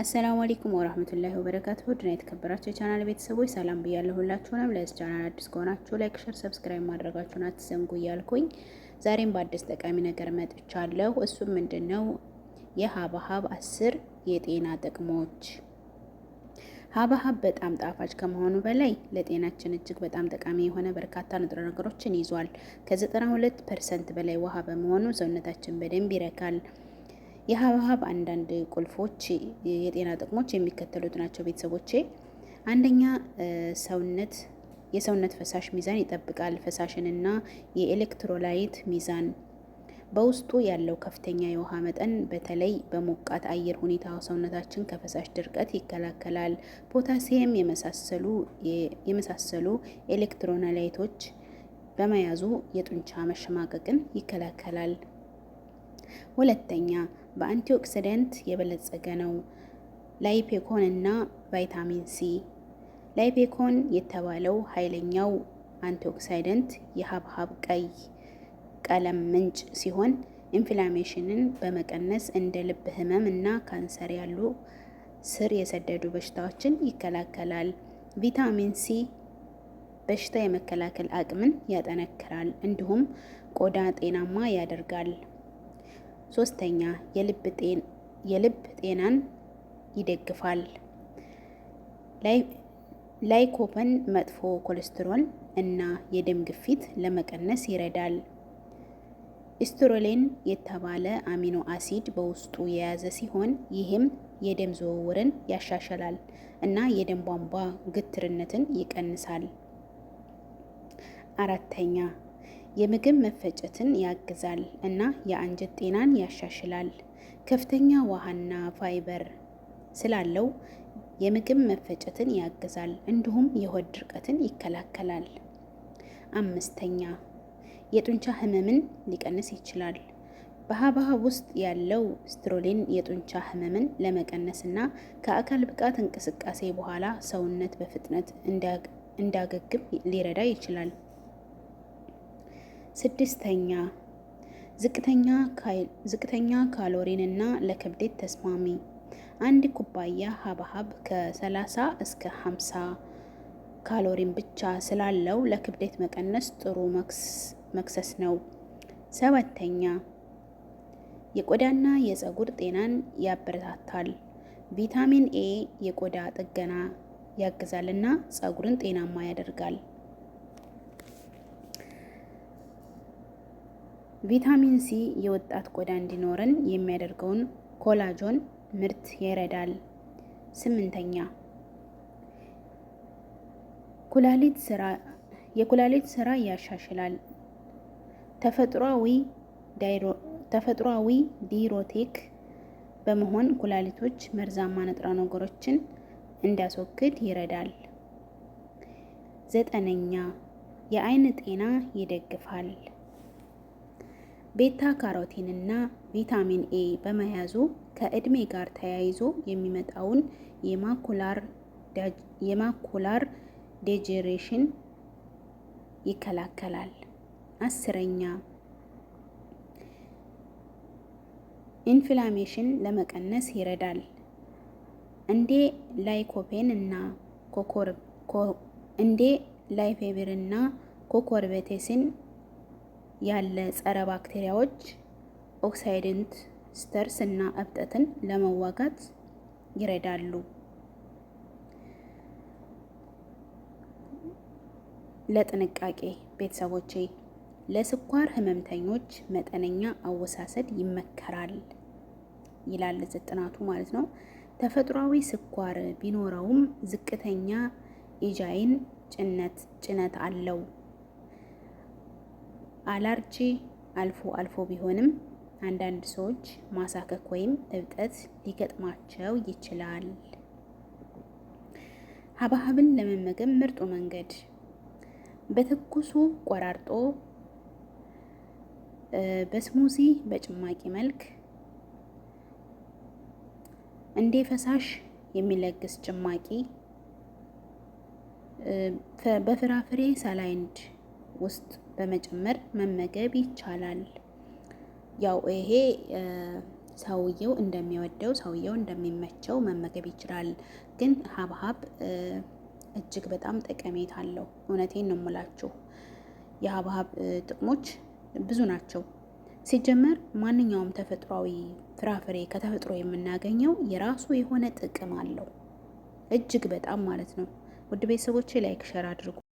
አሰላሙ አለይኩም ወራህመቱላሂ ወበረካቱሁ። ውድና የተከበራችሁ የቻናል ቤተሰቦች ሰላም ብያለሁ ለዚህ ቻናል አዲስ ከሆናችሁ ላይክ፣ ሸር፣ ሰብስክራይብ ማድረጋችሁን አትዘንጉ እያልኩኝ ዛሬም በአዲስ ጠቃሚ ነገር መጥቻለሁ። እሱም ምንድን ነው? የሀብሀብ አስር የጤና ጥቅሞች። ሀብሀብ በጣም ጣፋጭ ከመሆኑ በላይ ለጤናችን እጅግ በጣም ጠቃሚ የሆነ በርካታ ንጥረ ነገሮችን ይዟል። ከ92 ፐርሰንት በላይ ውሃ በመሆኑ ሰውነታችን በደንብ ይረካል። የሀብሀብ አንዳንድ ቁልፎች የጤና ጥቅሞች የሚከተሉት ናቸው ቤተሰቦቼ። አንደኛ ሰውነት የሰውነት ፈሳሽ ሚዛን ይጠብቃል። ፈሳሽንና የኤሌክትሮላይት ሚዛን በውስጡ ያለው ከፍተኛ የውሃ መጠን በተለይ በሞቃት አየር ሁኔታ ሰውነታችን ከፈሳሽ ድርቀት ይከላከላል። ፖታሲየም የመሳሰሉ ኤሌክትሮላይቶች በመያዙ የጡንቻ መሸማቀቅን ይከላከላል። ሁለተኛ በአንቲኦክሲደንት የበለጸገ ነው። ላይፔኮን እና ቫይታሚን ሲ ላይፔኮን የተባለው ኃይለኛው አንቲኦክሳይደንት የሀብሀብ ቀይ ቀለም ምንጭ ሲሆን ኢንፍላሜሽንን በመቀነስ እንደ ልብ ህመም እና ካንሰር ያሉ ስር የሰደዱ በሽታዎችን ይከላከላል። ቪታሚን ሲ በሽታ የመከላከል አቅምን ያጠነክራል እንዲሁም ቆዳ ጤናማ ያደርጋል። ሶስተኛ የልብ ጤናን ይደግፋል። ላይኮፐን መጥፎ ኮሌስትሮል እና የደም ግፊት ለመቀነስ ይረዳል። ስትሮሌን የተባለ አሚኖ አሲድ በውስጡ የያዘ ሲሆን ይህም የደም ዝውውርን ያሻሽላል እና የደም ቧንቧ ግትርነትን ይቀንሳል። አራተኛ የምግብ መፈጨትን ያግዛል እና የአንጀት ጤናን ያሻሽላል። ከፍተኛ ውሃና ፋይበር ስላለው የምግብ መፈጨትን ያግዛል እንዲሁም የሆድ ድርቀትን ይከላከላል። አምስተኛ የጡንቻ ህመምን ሊቀንስ ይችላል። በሐብሐብ ውስጥ ያለው ስትሮሊን የጡንቻ ህመምን ለመቀነስ እና ከአካል ብቃት እንቅስቃሴ በኋላ ሰውነት በፍጥነት እንዲያገግም ሊረዳ ይችላል። ስድስተኛ ዝቅተኛ ካሎሪን እና ለክብደት ተስማሚ አንድ ኩባያ ሀብሀብ ከ30 እስከ 50 ካሎሪን ብቻ ስላለው ለክብደት መቀነስ ጥሩ መክሰስ ነው። ሰባተኛ የቆዳና የፀጉር ጤናን ያበረታታል። ቪታሚን ኤ የቆዳ ጥገና ያግዛልና ፀጉርን ጤናማ ያደርጋል። ቪታሚን ሲ የወጣት ቆዳ እንዲኖረን የሚያደርገውን ኮላጆን ምርት ይረዳል። ስምንተኛ ኩላሊት ስራ የኩላሊት ስራ ያሻሽላል። ተፈጥሯዊ ዲሮቴክ በመሆን ኩላሊቶች መርዛማ ንጥረ ነገሮችን እንዲያስወግድ ይረዳል። ዘጠነኛ የአይን ጤና ይደግፋል። ቤታ ካሮቲንና ቪታሚን ኤ በመያዙ ከእድሜ ጋር ተያይዞ የሚመጣውን የማኩላር ዴጀሬሽን ይከላከላል። አስረኛ ኢንፍላሜሽን ለመቀነስ ይረዳል። እንዴ ላይኮፔን እና እንዴ ላይፌብርና ኮኮርቤቴስን ያለ ጸረ ባክቴሪያዎች ኦክሳይደንት ስተርስ እና እብጠትን ለመዋጋት ይረዳሉ። ለጥንቃቄ ቤተሰቦቼ፣ ለስኳር ህመምተኞች መጠነኛ አወሳሰድ ይመከራል ይላል ጥናቱ ማለት ነው። ተፈጥሯዊ ስኳር ቢኖረውም ዝቅተኛ ኢጃይን ጭነት ጭነት አለው። አላርጂ አልፎ አልፎ ቢሆንም አንዳንድ ሰዎች ማሳከክ ወይም እብጠት ሊገጥማቸው ይችላል። ሀብሀብን ለመመገብ ምርጡ መንገድ በትኩሱ ቆራርጦ በስሙዚ በጭማቂ መልክ እንዴ ፈሳሽ የሚለግስ ጭማቂ በፍራፍሬ ሳላይንድ ውስጥ በመጨመር መመገብ ይቻላል። ያው ይሄ ሰውየው እንደሚወደው ሰውየው እንደሚመቸው መመገብ ይችላል። ግን ሀብሀብ እጅግ በጣም ጠቀሜታ አለው። እውነቴን ነው የምላችሁ። የሀብሀብ ጥቅሞች ብዙ ናቸው። ሲጀመር ማንኛውም ተፈጥሯዊ ፍራፍሬ ከተፈጥሮ የምናገኘው የራሱ የሆነ ጥቅም አለው። እጅግ በጣም ማለት ነው። ውድ ቤተሰቦቼ ላይክ ሸር አድርጉ።